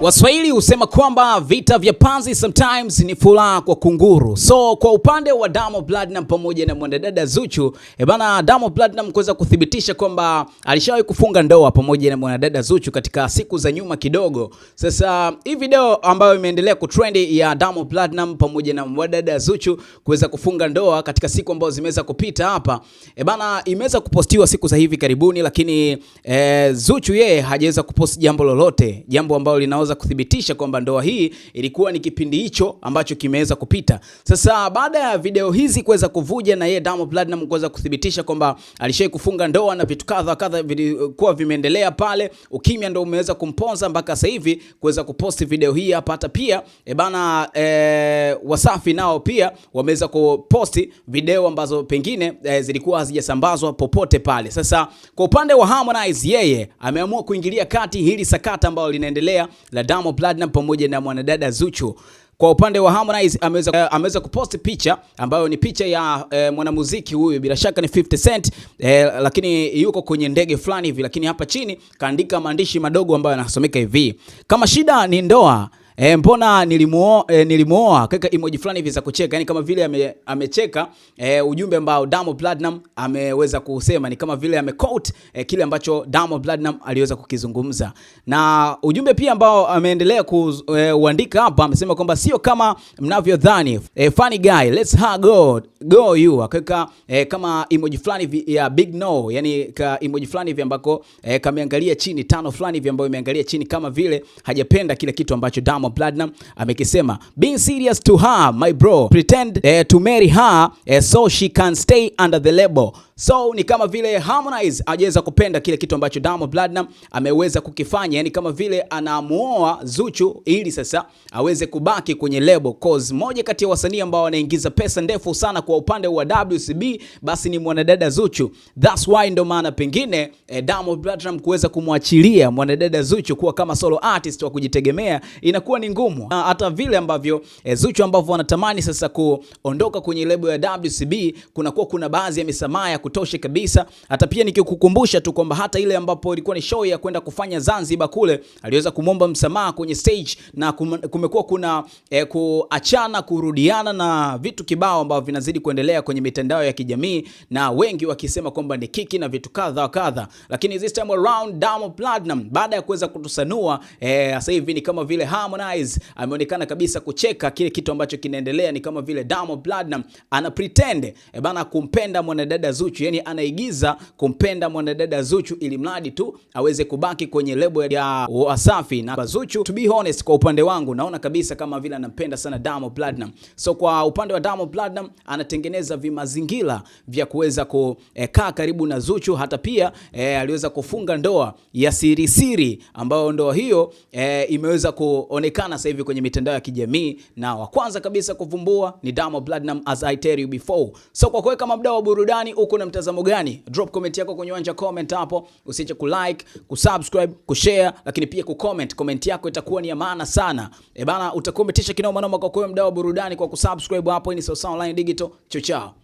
Waswahili husema kwamba vita vya panzi sometimes ni furaha kwa kunguru. So kwa upande wa Diamond Platnumz pamoja na mwanadada Zuchu, e bana, Diamond Platnumz kuweza kuthibitisha kwamba alishawahi kufunga ndoa pamoja na mwanadada Zuchu katika siku za nyuma kidogo. Sasa hii video ambayo imeendelea kutrend ya Diamond Platnumz pamoja na mwanadada Zuchu kuweza kufunga ndoa katika siku ambazo zimeweza kupita hapa, e bana, imeweza kupostiwa siku za hivi karibuni, lakini e, Zuchu yeye hajaweza kupost jambo lolote, jambo ambalo linaweza kuweza kuthibitisha kwamba ndoa hii ilikuwa ni kipindi hicho ambacho kimeweza kupita. Sasa baada ya video hizi kuweza kuvuja na yeye Diamond Platnumz kuweza kuthibitisha kwamba alishai kufunga ndoa na vitu kadha kadha vilikuwa eh, vimeendelea pale, ukimya ndio umeweza kumponza mpaka sasa hivi kuweza kuposti video hii hapa. Hata pia e bana e, Wasafi nao pia wameweza kuposti video ambazo pengine e, zilikuwa hazijasambazwa popote pale. Sasa kwa upande wa Harmonize, yeye ameamua kuingilia kati hili sakata ambalo linaendelea la na Diamond Platnumz pamoja na mwanadada Zuchu. Kwa upande wa Harmonize ameweza eh, ameweza kuposti picha ambayo ni picha ya uh, mwanamuziki huyu bila shaka ni 50 Cent uh, lakini yuko kwenye ndege fulani hivi, lakini hapa chini kaandika maandishi madogo ambayo yanasomeka hivi: kama shida ni ndoa e, mbona eh, nilimuoa e, nilimuoa kaka emoji fulani hivi za kucheka, yani kama vile ame, amecheka e, ujumbe ambao Diamond Platinum ameweza kusema, ni kama vile amequote e, kile ambacho Diamond Platinum aliweza kukizungumza, na ujumbe pia ambao ameendelea kuandika e, hapa, amesema kwamba sio kama mnavyodhani e, funny guy let's hug God go you akaweka eh, kama emoji fulani ya big no, yani ka emoji fulani hivi ambako eh, kameangalia chini tano fulani hivi ambayo imeangalia chini kama vile hajapenda kile kitu ambacho Diamond Platinum amekisema. Being serious to her my bro pretend eh, to marry her eh, so she can stay under the label. So ni kama vile Harmonize hajaweza kupenda kile kitu ambacho Diamond Platinum ameweza kukifanya, yani kama vile anamuoa Zuchu ili sasa aweze kubaki kwenye label cause moja kati ya wasanii ambao wanaingiza pesa ndefu sana kwa upande wa WCB basi ni mwanadada Zuchu. That's why ndo maana pengine eh, Diamond Platnumz kuweza kumwachilia mwanadada Zuchu kuwa kama solo artist wa kujitegemea inakuwa ni ngumu, na hata vile ambavyo eh, Zuchu ambavyo wanatamani sasa kuondoka kwenye lebo ya WCB, kunakuwa kuna baadhi ya misamaha ya kutosha kabisa. Hata pia nikikukumbusha tu kwamba hata ile ambapo ilikuwa ni show ya kwenda kufanya Zanzibar kule, aliweza kumwomba msamaha kwenye stage na kumekuwa kuna eh, kuachana kurudiana na vitu kibao ambavyo vinazidi inazidi kuendelea kwenye mitandao ya kijamii na wengi wakisema kwamba ni kiki na vitu kadha kadha, lakini this time around Diamond Platnumz baada ya kuweza kutusanua eh, sasa hivi ni kama vile Harmonize ameonekana kabisa kucheka kile kitu ambacho kinaendelea. Ni kama vile Diamond Platnumz ana pretend eh, bana kumpenda mwanadada Zuchu, yani anaigiza kumpenda mwanadada Zuchu ili mradi tu aweze kubaki kwenye lebo ya Wasafi na Zuchu. To be honest, kwa upande wangu naona kabisa kama vile anampenda sana Diamond Platnumz. So kwa upande wa Diamond Platnumz ana anatengeneza vimazingira vya kuweza kukaa karibu na Zuchu. Hata pia e, aliweza kufunga ndoa ya siri siri, ambayo ndoa hiyo e, imeweza kuonekana sasa hivi kwenye mitandao ya kijamii, na wa kwanza kabisa kuvumbua ni Diamond Platnumz, as I tell you before. So kwa kuweka kama mdau wa burudani, uko na mtazamo gani? Drop comment yako kwenye uwanja comment hapo, usiache kulike, kusubscribe, kushare, lakini pia kucomment. Comment yako itakuwa ni ya maana sana. E bana, utakometisha kinoma noma kwa kweli, mdau wa burudani, kwa kusubscribe hapo. Hii ni Sawasawa Online Digital. 就叫。